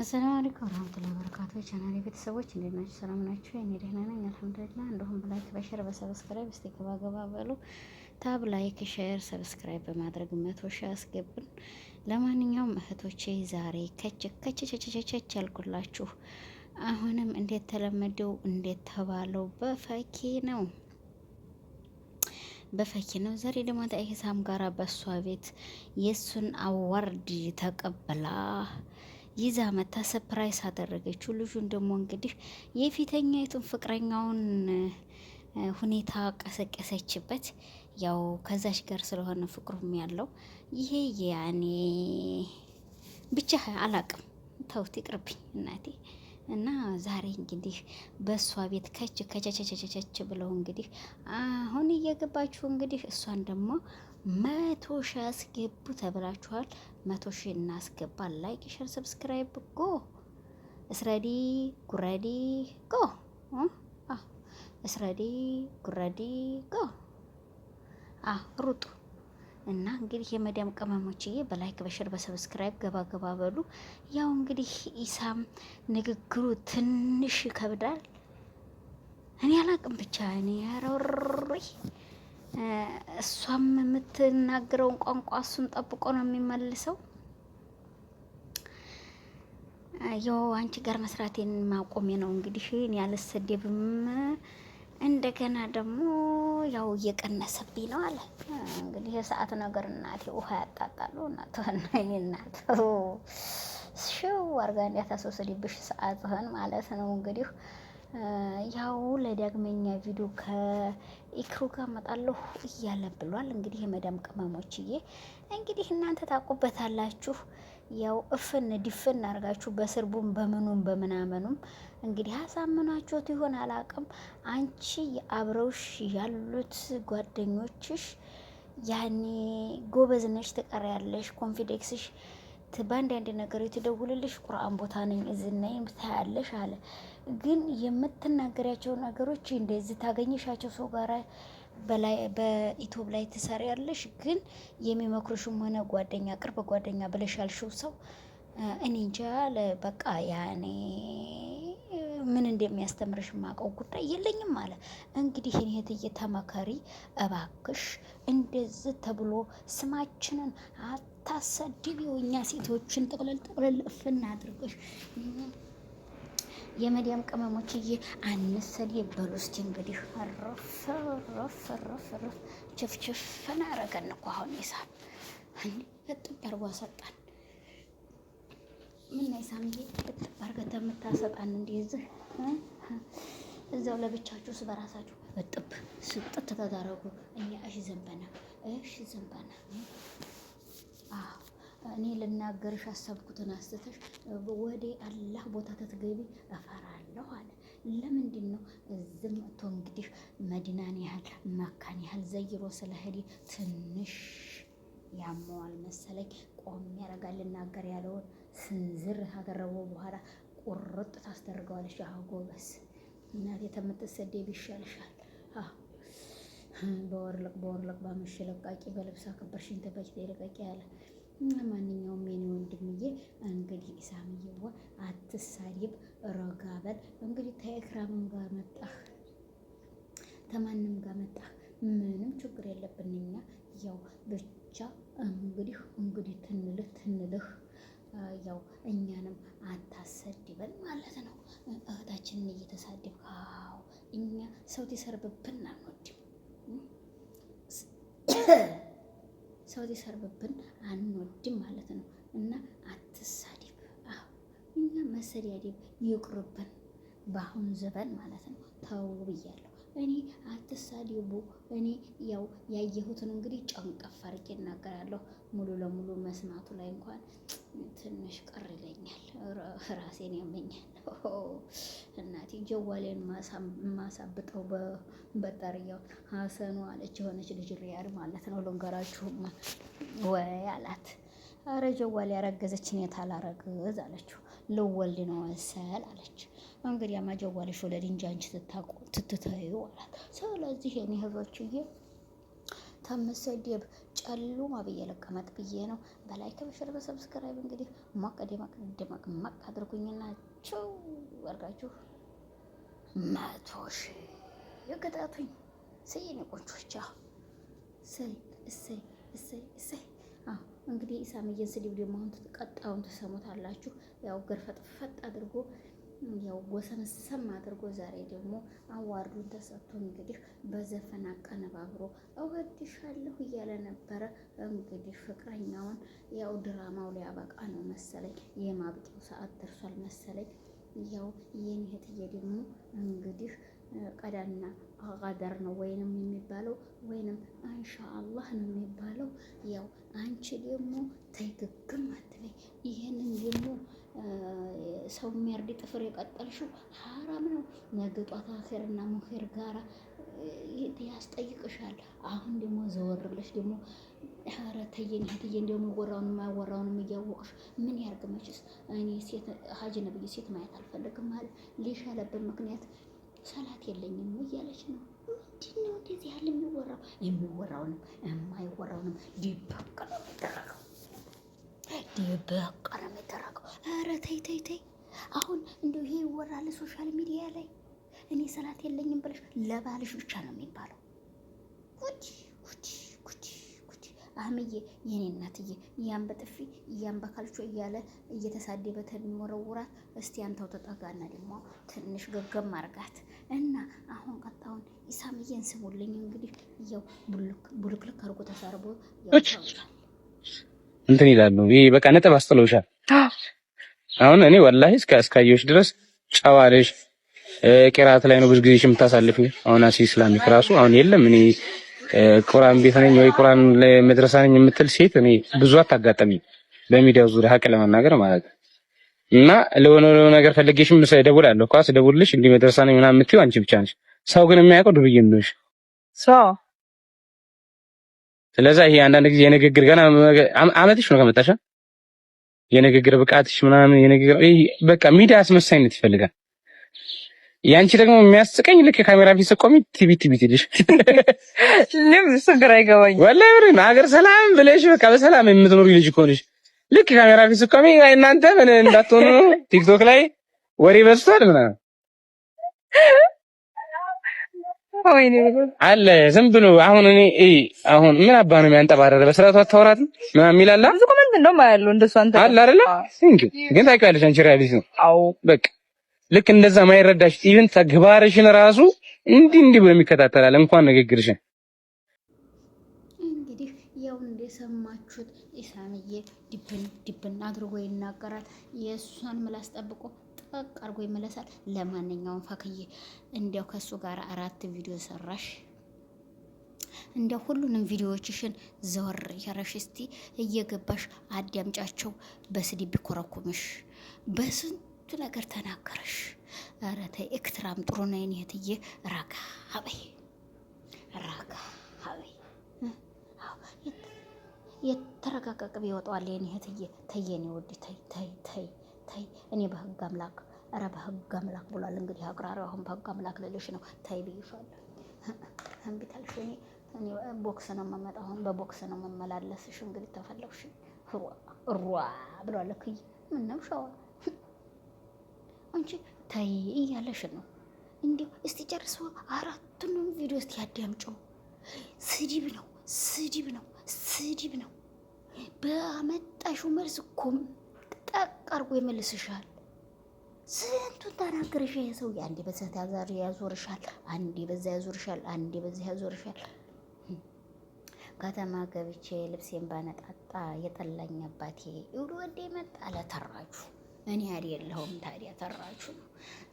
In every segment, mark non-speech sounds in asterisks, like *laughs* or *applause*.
አሰላሙ አለይኩም ወራህመቱላሂ ወበረካቱ። ቻናሌ ቤተሰቦች እንዴት ናችሁ? ሰላም ናችሁ? እኔ ደህና ነኝ አልሐምዱሊላህ። እንደውም በላይክ በሸር በሰብስክራይብ እስቲ ገባ ገባ በሉ። ታብ ላይክ፣ ሸር፣ ሰብስክራይብ በማድረግ መቶ ሺህ አስገቡን። ለማንኛውም እህቶቼ ዛሬ ከች ከች ቸቸቸቸች ያልኩላችሁ አሁንም እንዴት ተለመደው እንዴት ተባለው በፈኪ ነው በፈኪ ነው። ዛሬ ደግሞ ከኢሳም ጋራ በሷ ቤት የሱን አዋርድ ተቀብላ ይዛ መታ ሰፕራይስ አደረገችው። ልጁን ደግሞ እንግዲህ የፊተኛይቱን ፍቅረኛውን ሁኔታ ቀሰቀሰችበት። ያው ከዛች ጋር ስለሆነ ፍቅሩም ያለው ይሄ ያኔ ብቻ አላቅም። ተውት ይቅርብኝ እናቴ። እና ዛሬ እንግዲህ በእሷ ቤት ከች ከቸቸቸቸች ብለው እንግዲህ አሁን እየገባችሁ እንግዲህ እሷን ደግሞ መቶ ሺ አስገቡ ተብላችኋል። መቶ ሺ እናስገባ። ላይክ ሸር ሰብስክራይብ ጎ እስረዲ ጉረዲ ጎ እስረዲ ጉረዲ ጎ ሩጡ እና እንግዲህ የመዳም ቅመሞችዬ በላይክ በሸር በሰብስክራይብ ገባ ገባ በሉ። ያው እንግዲህ ኢሳም ንግግሩ ትንሽ ይከብዳል። እኔ አላቅም ብቻ እኔ ያረሪ እሷም የምትናገረውን ቋንቋ እሱን ጠብቆ ነው የሚመልሰው። ያው አንቺ ጋር መስራቴን ማቆሜ ነው እንግዲህ እኔ አልሰደብም እንደገና ደግሞ ያው እየቀነሰብኝ ነው አለ። እንግዲህ የሰዓት ነገር እናቴ ውሃ ያጣጣሉ እናትህን እናት ሽው አርጋ እንዲያታስወስድብሽ ሰዓትህን ማለት ነው። እንግዲህ ያው ለዳግመኛ ቪዲዮ ከኢክሩ ጋር መጣለሁ እያለ ብሏል። እንግዲህ የመዳም ቅመሞችዬ እንግዲህ እናንተ ታውቁበታላችሁ። ያው እፍን ድፍን አርጋችሁ በስርቡም በምኑም በምናመኑም እንግዲህ አሳምናችሁት ይሆን አላቅም። አንቺ አብረውሽ ያሉት ጓደኞችሽ ያኔ ጎበዝ ነሽ ትቀሪያለሽ፣ ኮንፊደንስሽ በአንዳንድ ነገር የተደውልልሽ ቁርአን ቦታ ነኝ እዝናይም ታያለሽ አለ። ግን የምትናገሪያቸው ነገሮች እንደዚህ ታገኘሻቸው ሰው ጋር በኢትዮብ ላይ ትሰሪያለሽ። ግን የሚመክሩሽም ሆነ ጓደኛ ቅርብ ጓደኛ ብለሽ ያልሽው ሰው እኔ እንጃ በቃ ያኔ ምን እንደሚያስተምርሽ ማቀው ጉዳይ የለኝም አለ። እንግዲህ እህትዬ ተመከሪ እባክሽ፣ እንደዚህ ተብሎ ስማችንን አታሰድቢው። እኛ ሴቶችን ጥቅልል ጥቅልል እፍና አድርገሽ የመዲያም ቅመሞችዬ አንሰል የበሉ እስቲ እንግዲህ ረፍ ረፍ ረፍ ረፍ ችፍችፍን አረገን እኮ አሁን ይሳብ እጥብ ሰጣን። ምን ይሳም እጥብ አርገ ተምታሰጣን እንደዚህ እዛው ለብቻችሁስ በራሳችሁ በጥብ ስጥት ተዳረጉ። እኛ እሽ ዘንበና እሽ ዘንበና አዎ እኔ ልናገርሽ አሰብኩትን አስተተሽ ወደ አላህ ቦታ ተትገቢ እፈራለሁ አለ። ለምንድን ነው እዚህ መጥቶ እንግዲህ መዲናን ያህል መካን ያህል ዘይሮ ስለሄደ ትንሽ ያመዋል መሰለኝ። ቆም ያደርጋል ልናገር ያለውን ስንዝር ካቀረበው በኋላ ቁርጥ ታስደርገዋለች። አሁ ጎበስ እናቴ ተምትሰደብ ይሻልሻል። በወርልቅ በወርልቅ ባመሽ ለቃቂ በልብስ አከበርሽኝ ተባጭ ተይለቃቂ ያለ ማንኛውም የኔ ወንድምዬ እንግዲህ ኢሳምዬዋ አትሳይብ ረጋበል። እንግዲህ ተኤክራምም ጋር መጣህ ተማንም ጋር መጣህ ምንም ችግር የለብን እኛ ያው ብቻ እንግዲህ እንግዲህ ትንልህ ትንልህ ያው እኛንም አሰድበን ማለት ነው። እህታችንን እየተሳደብክ አዎ፣ እኛ ሰው ሲሰርብብን አንወድም። ሰው ሲሰርብብን አንወድም ማለት ነው። እና አትሳደብ። አዎ፣ እኛ መሰዳደብ ይቅርብን በአሁኑ ዘበን ማለት ነው። ተው ብያለሁ። እኔ አትሳደቡ። እኔ ያው ያየሁትን እንግዲህ ጨንቀፍ አድርጌ እናገራለሁ። ሙሉ ለሙሉ መስማቱ ላይ እንኳን ትንሽ ቅር ይለኛል፣ ራሴን ያመኛል። እናቴ ጀዋሌን ማሳብጠው በጠርያው ሀሰኑ አለች የሆነች ልጅ ሪያድ ማለት ነው። ልንገራችሁማ ወይ አላት። አረ ጀዋሌ ያረገዘችን የት አላረግዝ አለችው። ልወልድ ነው መሰል አለችው እንግዲህ አማጀዋልሽ ወለድ እንጂ አንቺ ትትተዩ አላት። ስለዚህ የኔ ህዞችዬ ከምሰድብ ጨሉማ ብዬ ለቀመጥ ብዬ ነው። በላይክ በሸር በሰብስክራይብ እንግዲህ ሞቅ ደመቅ ደመቅ ሞቅ አድርጉኝና ቸው አድርጋችሁ መቶ ሺ የቅጣቱኝ ስይኔ ቆንጆቻ ስይ እስይ እስይ እስይ እንግዲህ ኢሳምዬን ስድብ ደግሞ አሁን ቀጣዩን ተሰሙታላችሁ። ያው ገርፈጥፈጥ አድርጎ ያው ጎሰምሰም አድርጎ ዛሬ ደግሞ አዋርዱን ተሰጥቶ እንግዲህ በዘፈን አቀነባብሮ እወድሻለሁ እያለ ነበረ። እንግዲህ ፍቅረኛውን ያው ድራማው ሊያበቃ ነው መሰለኝ፣ የማብቂያው ሰዓት ደርሷል መሰለኝ። ያው የኔ እህትዬ ደግሞ እንግዲህ ቀዳና ቀደር ነው ወይንም የሚባለው ወይንም ማሻአላህ ነው የሚባለው። ያው አንቺ ደግሞ ተይግግም አትበይ። ይሄንን ደግሞ ሰው የሚያርድ ጥፍር የቀጠልሽው ሀራም ነው። ነገ ጧት አኼርና ሙሄር ጋራ ያስጠይቅሻል። አሁን ደግሞ ዘወርለሽ ደግሞ ኧረ ተየኝ እህትዬን ደግሞ ወራውን የማያወራውን እያወቅሽ ምን ያርግ? መችስ እኔ ሴት ሀጅ ነብዬ ሴት ማየት አልፈልግም አለ ሊሻለብን ምክንያት ሰላት የለኝም እያለች ነው ምንድን ነው እንደዚህ ያለ ነው የሚወራውንም የማይወራውንም ዲበቅ ነው የሚደረገው፣ ዲበቅ ነው የሚደረገው። ኧረ ተይ ተይ ተይ። አሁን እንደው ይሄ ይወራል ሶሻል ሚዲያ ላይ እኔ ሰላት የለኝም ብለሽ ለባልሽ ብቻ ነው የሚባለው። ጉድ ጉድ ጉድ ጉድ። አህምዬ የኔ እናትዬ እያም በጥፊ እያም በካልቾ እያለ እየተሳደበ ተሚወረውራት። እስቲ አንተው ተጠጋና ደግሞ ትንሽ ገገም አርጋት። እና አሁን ቀጣውን ኢሳምዬን ስሙልኝ። እንግዲህ ያው ቡልክልክ አድርጎ ተሰርቦ እንትን ይላሉ። ይሄ በቃ ነጥብ አስጥለውሻል። አሁን እኔ ወላሂ እስከ እስካየሁሽ ድረስ ጨዋ ነሽ። ቂራት ላይ ነው ብዙ ጊዜ የምታሳልፊ። አሁን አሲ ኢስላሚክ ራሱ አሁን የለም እኔ ቁርአን ቤት ነኝ ወይ ቁርአን መድረሳ ነኝ የምትል ሴት እኔ ብዙ አታጋጠሚ በሚዲያው ዙሪያ ሀቅ ለመናገር ማለት ነው። እና ለሆነ ለሆነ ነገር ፈልጌሽም እደውላለሁ ኳስ ስደውልልሽ እንዲህ መድረሳ ነኝ ምናምን የምትይው አንቺ ብቻ ነሽ። ሰው ግን የሚያውቀው ዱርዬ እንደሆንሽ ሰው። ስለዛ ይሄ አንዳንድ ጊዜ የንግግር ገና አመትሽ ነው ከመጣሽ የንግግር ብቃትሽ ምናምን የንግግር በቃ ሚዲያ አስመሳይነት ይፈልጋል። ያንቺ ደግሞ የሚያስቀኝ ልክ ካሜራ ፊት ስትቆሚ ቲቪ ቲቪ ትልሽ *laughs* ለም ስግራ ይገባኝ ወላሂ ብሬ ሀገር ሰላም ብለሽ በቃ በሰላም የምትኖሪ ልጅ ከሆነሽ ልክ ካሜራ ፊት ስትቆሚ እናንተ ምን እንዳትሆኑ ቲክቶክ ላይ ወሬ በዝቷል ምናምን አለ ዝም ብሎ አሁን እኔ አሁን ምን አባ ነው የሚያንጠባረረ በስርዓቱ አታወራት ምናምን የሚላላ ብዙ ኮመንት እንደውም አያሉ እንደሱ አንተ አለ አይደለ ቲንክ ግን ታውቂዋለሽ አንቺ ሪያሊቲ ነው። አዎ በቃ ልክ እንደዛ ማይረዳሽ ኢቭን ተግባርሽን ራሱ እንዲህ እንዲህ ብሎ የሚከታተላል እንኳን ንግግርሽን ድብና አድርጎ ይናገራል። የእሷን ምላስ ጠብቆ ጠቅ አድርጎ ይመለሳል። ለማንኛውም ፋክዬ እንዲያው ከእሱ ጋር አራት ቪዲዮ ሰራሽ እንዲያው ሁሉንም ቪዲዮዎችሽን ዘወር ያረሽ እስቲ እየገባሽ አዳምጫቸው። በስድብ ቢኮረኩምሽ በስንቱ ነገር ተናገረሽ። ኧረ ተይ ኤክትራም ጥሩ ነይን። የትዬ ራካ አበይ ራካ አበይ የተረጋጋ ቅቤ ይወጣዋል። የኔ እህትዬ ተይ፣ የኔ ውድ ተይ፣ ተይ፣ ተይ፣ ተይ። እኔ በህግ አምላክ ኧረ በህግ አምላክ ብሏል። እንግዲህ አቅራሪው አሁን በህግ አምላክ ልልሽ ነው። ተይ ብይሻለሁ። እምቢ ታልሽ እኔ ቦክስ ነው የምመጣው። አሁን በቦክስ ነው የምመላለስሽ። እንግዲህ ተፈለግሽ ሩዋ ብሏል። ምን ነው ሸዋ አንቺ ተይ እያለሽ ነው። እንዲሁ እስቲ ጨርሶ አራቱንም ቪዲዮ እስቲ ያዳምጪው። ስድብ ነው ስድብ ነው። ስድብ ነው። በአመጣሹ መልስ እኮ ጠቅ አርጎ ይመልስሻል። ስንቱን ተናገርሽ። የሰው አንዴ በዛ ታዛሪ ያዞርሻል፣ አንዴ በዛ ያዞርሻል፣ አንዴ በዛ ያዞርሻል። ከተማ ገብቼ ልብሴን ባነጣጣ የጠላኝ አባቴ ይሉ ወዴ መጣ ለተራጁ እኔ አይደለሁም ታዲያ ተራችሁ ነው።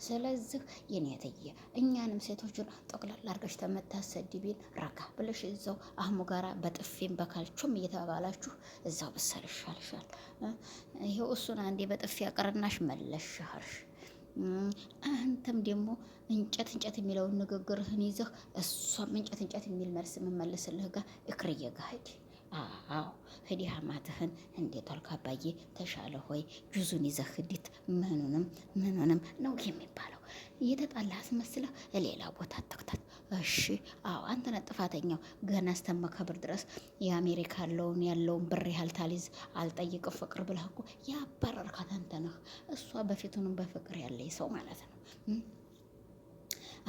ስለዚህ የኔትዬ እኛንም ሴቶችን ጠቅላላ አድርገሽ ተመታሰድቢን ረጋ ብለሽ እዛው አህሙ ጋራ በጥፌም በካልቾም እየተባባላችሁ እዛው ብሰል ይሻልሻል። ይሄው እሱን አንዴ በጥፌ አቅርናሽ መለሽ ሻርሽ አንተም ደግሞ እንጨት እንጨት የሚለውን ንግግርህን ይዘህ እሷም እንጨት እንጨት የሚል መልስ የምመልስልህ ጋር እክርዬ ጋር ሂድ አዎ ህዲህ አማትህን እንዴት አልክ አባዬ ተሻለ ሆይ ጁዙን ይዘህ ህዲት ምኑንም ምኑንም ነው የሚባለው። እየተጣላ አስመስለህ ሌላ ቦታ አትክተት። እሺ አዎ አንተነ ጥፋተኛው። ገና እስተመከብር ድረስ የአሜሪካ ለውን ያለውን ብር ያህል ታሊዝ አልጠይቅ ፍቅር ብለህ እኮ ያባረርካት አንተ ነህ። እሷ በፊቱንም በፍቅር ያለ ሰው ማለት ነው።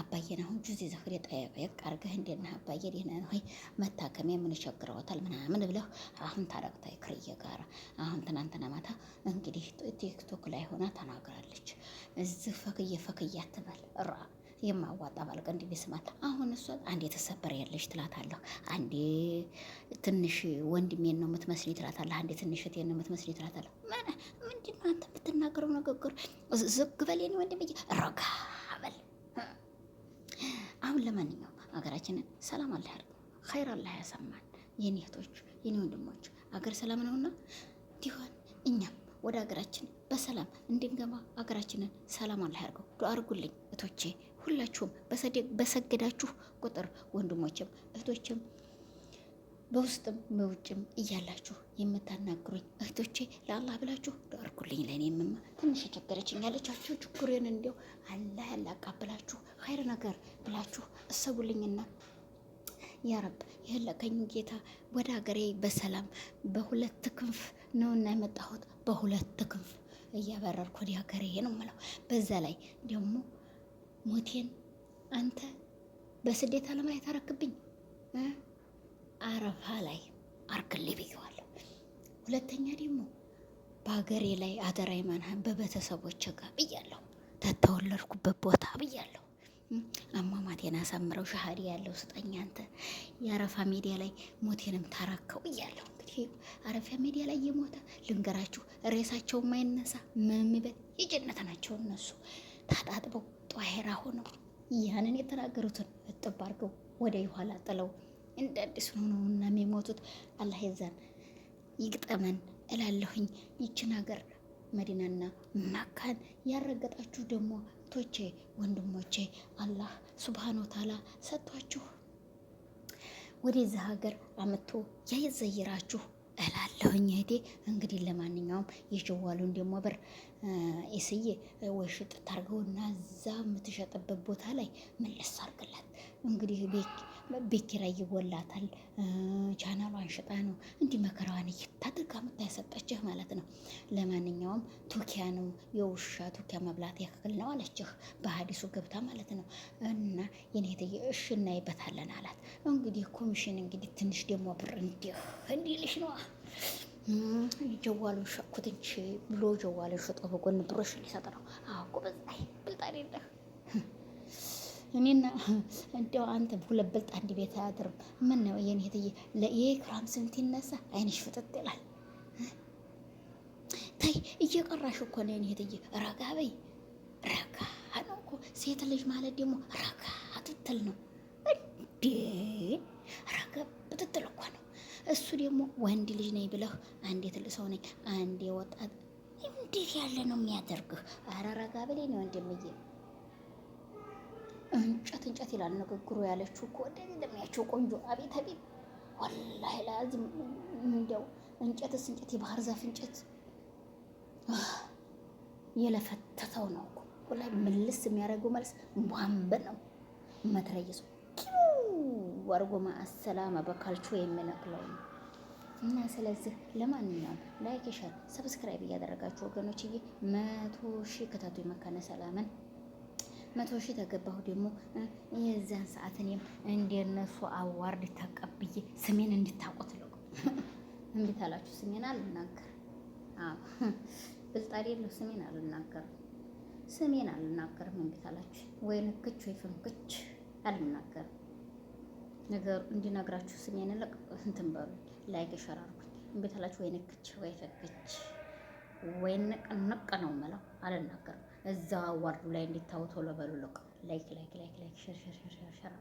አባዬን አሁን ጁዚ ዘፍሬ ጠየቅ አርገህ እንዴት አባዬ ደህና ነው ወይ መታከሚያ ምን ይቸግረዎታል ምናምን ብለህ አሁን ታረቅታ ክርዬ ጋር አሁን ትናንትና ማታ እንግዲህ ቲክቶክ ላይ ሆና ተናግራለች። እዚህ ፈክየ ፈክያ ትበል ራ የማዋጣ ባልቀ እንዲ ቢስማት አሁን እሷ አንዴ የተሰበረ ያለች ትላታለሁ፣ አንዴ ትንሽ ወንድሜን ነው የምትመስልኝ ትላታለህ፣ አንዴ ትንሽ እህቴን ነው የምትመስልኝ ትላታለህ። ምንድን ነው አንተ የምትናገረው ንግግር? ዝግ በል የኔ ወንድምዬ ረጋ አሁን ለማንኛውም ሀገራችንን ሰላም አለ ያድርገው፣ ኸይር አለ ያሰማን። የኔ እህቶች የኔ ወንድሞች አገር ሰላም ነውና እንዲሆን እኛም ወደ አገራችን በሰላም እንድንገባ ሀገራችንን ሰላም አለ ያድርገው። ዱአ እህቶቼ ሁላችሁም በሰገዳችሁ ቁጥር ወንድሞችም እህቶችም በውስጥም በውጭም እያላችሁ የምታናግሩኝ እህቶቼ ለአላህ ብላችሁ ዳርኩልኝ። ለእኔ የምማ ትንሽ የቸገረችኝ ያለቻችሁ ችኩሬን እንዲያው አላህ ያላቃብላችሁ ኸይር ነገር ብላችሁ እሰቡልኝና ያ ረብ የለቀኝ ጌታ ወደ ሀገሬ በሰላም በሁለት ክንፍ ነውና የመጣሁት በሁለት ክንፍ እያበረርኩ ወደ ሀገሬ ነው የምለው። በዛ ላይ ደግሞ ሞቴን አንተ በስደት አለማየት አረክብኝ። አረፋ ላይ አርግልኝ ብየዋለሁ። ሁለተኛ ደግሞ በሀገሬ ላይ አደራ ይመናህን በቤተሰቦች ጋር ብያለሁ። ተተወለድኩበት ቦታ ብያለሁ። አሟሟቴን አሳምረው ሻሃዲ ያለው ስጠኝ አንተ። የአረፋ ሚዲያ ላይ ሞቴንም ታረከው ብያለሁ። እንግዲህ አረፋ ሚዲያ ላይ የሞተ ልንገራችሁ፣ ሬሳቸው ማይነሳ ምንም ይበል የጀነት ናቸው እነሱ ታጣጥበው ጧሄራ ሆነው ያንን የተናገሩትን እጥብ አድርገው ወደ ይኋላ ጥለው እንደ አዲስ ሆነውና የሚሞቱት አላህ ይዛን ይግጠመን እላለሁኝ። ይችን ሀገር መዲናና መካን ያረገጣችሁ ደግሞ ቶቼ ወንድሞቼ አላህ ሱብሃነ ወተዓላ ሰጥቷችሁ ወደዚህ ሀገር አመቶ ያይዘይራችሁ እላለሁኝ። እህቴ እንግዲህ ለማንኛውም የሸዋሉን ደግሞ ብር እስዬ ወይ ሽጥ ታርገውና እዛ የምትሸጥበት ቦታ ላይ መለስ አርግላት እንግዲህ ቤት ቤኪራይ ይወላታል። ቻናሏን ሽጣ ነው እንዲህ መከራዋን እየታደርጋ ምታ ማለት ነው። ለማንኛውም ቱኪያ ነው የውሻ ቱኪያ መብላት ያክል ነው አለችህ በሀዲሱ ገብታ ማለት ነው። እና የኔትዬ እሽ እናይበታለን አላት። እንግዲህ ኮሚሽን እንግዲህ ትንሽ ደግሞ ብር እንዲህ እንዲልሽ ነዋ ጀዋሉን ሸኩት ብሎ ጀዋሉን ሽጦ በጎን ብሮሽን ሊሰጥ ነው። አዎ ጎበዝ፣ አይ ብልጣ አይደለህ እኔና እንዲያው አንተ ሁለት ብልጥ አንድ ቤት አያድርም። ምን ነው የኔ እህትዬ፣ ክራም ስንት ይነሳ አይንሽ ፍጥጥ ይላል። ታይ እየቀራሽ እኮ ነው የኔ እህትዬ። ረጋ በይ ረጋ ነው እኮ ሴት ልጅ ማለት ደግሞ ረጋ ትትል ነው እንዴ? ረጋ ብትትል እኮ ነው። እሱ ደግሞ ወንድ ልጅ ነኝ ብለህ አንዴ ትልቅ ሰው ነኝ አንዴ ወጣት እንዴት ያለ ነው የሚያደርግህ? ኧረ ረጋ በለኝ ነው ወንድምዬ። እንጨት እንጨት ይላል ንግግሩ። ያለችው እኮ እንደሚያቸው ቆንጆ አቤት አቤት፣ ወላሂ ላዚም እንዲያው እንጨትስ እንጨት የባህር ዛፍ እንጨት የለፈተተው ነው እኮ ወላሂ። ምልስ የሚያደርገው መልስ ቧንብ ነው መትረየሱ ወርጎ ማአሰላማ በካልቾ የሚነቅለው ነው። እና ስለዚህ ለማንኛውም ላይክ፣ ሸር፣ ሰብስክራይብ እያደረጋችሁ ወገኖችዬ መቶ ሺህ ክተቱ የመካነ ሰላምን መቶ ሺህ ተገባሁ ደግሞ የዚያን ሰዓት እኔም እንደነሱ አዋርድ ተቀብዬ ስሜን እንድታውቁት ለቁ *laughs* እንዴት አላችሁ? ስሜን አልናገር *laughs* ብልጣሪ አይደለሁ። ስሜን አልናገርም። ስሜን አልናገርም። እንዴት አላችሁ? ወይ ንክች ወይ ፍንክች አልናገርም። ነገሩ እንዲነግራችሁ ስሜን ለቅ እንትን በሉ ላይክ ይሸራርኩኝ። እንዴት አላችሁ? ወይ ንክች ወይ ፍንክች ወይ ንቅ ንቅ ነው የምለው አልናገርም። እዛ አዋርዱ ላይ እንዲታወ ቶሎ በሉ። ልቅ ላይክ ላይክ ላይክ ላይክ ሸር ሸር ሸር ሸር ሸር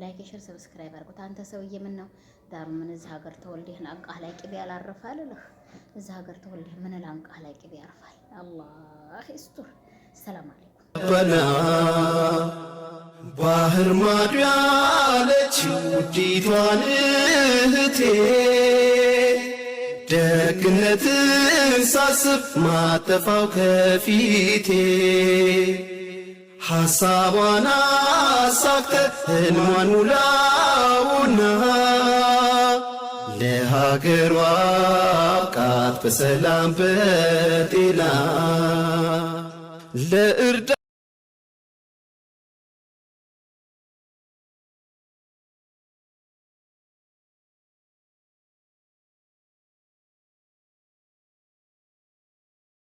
ላይክ ሸር ሰብስክራይብ አድርጉት። አንተ ሰውዬ ምን ነው ዳሩ ምን እዚህ ሀገር ተወልደህ አንቃህ ላይ ቅቤ ያላረፈ አልልህ። እዚህ ሀገር ተወልደህ ምን ላንቃህ ላይ ቅቤ ያርፋል። አላህ ይስጥህ። ሰላም አለይኩም በና ባህር ማዶ ያለች ውዲቷን እህቴ ደግነትን ሳስብ ማጠፋው ከፊቴ ሐሳቧን አሳክተ ህልሟን ሙላውና ለሀገሯ አብቃት በሰላም በጤና ለእርዳ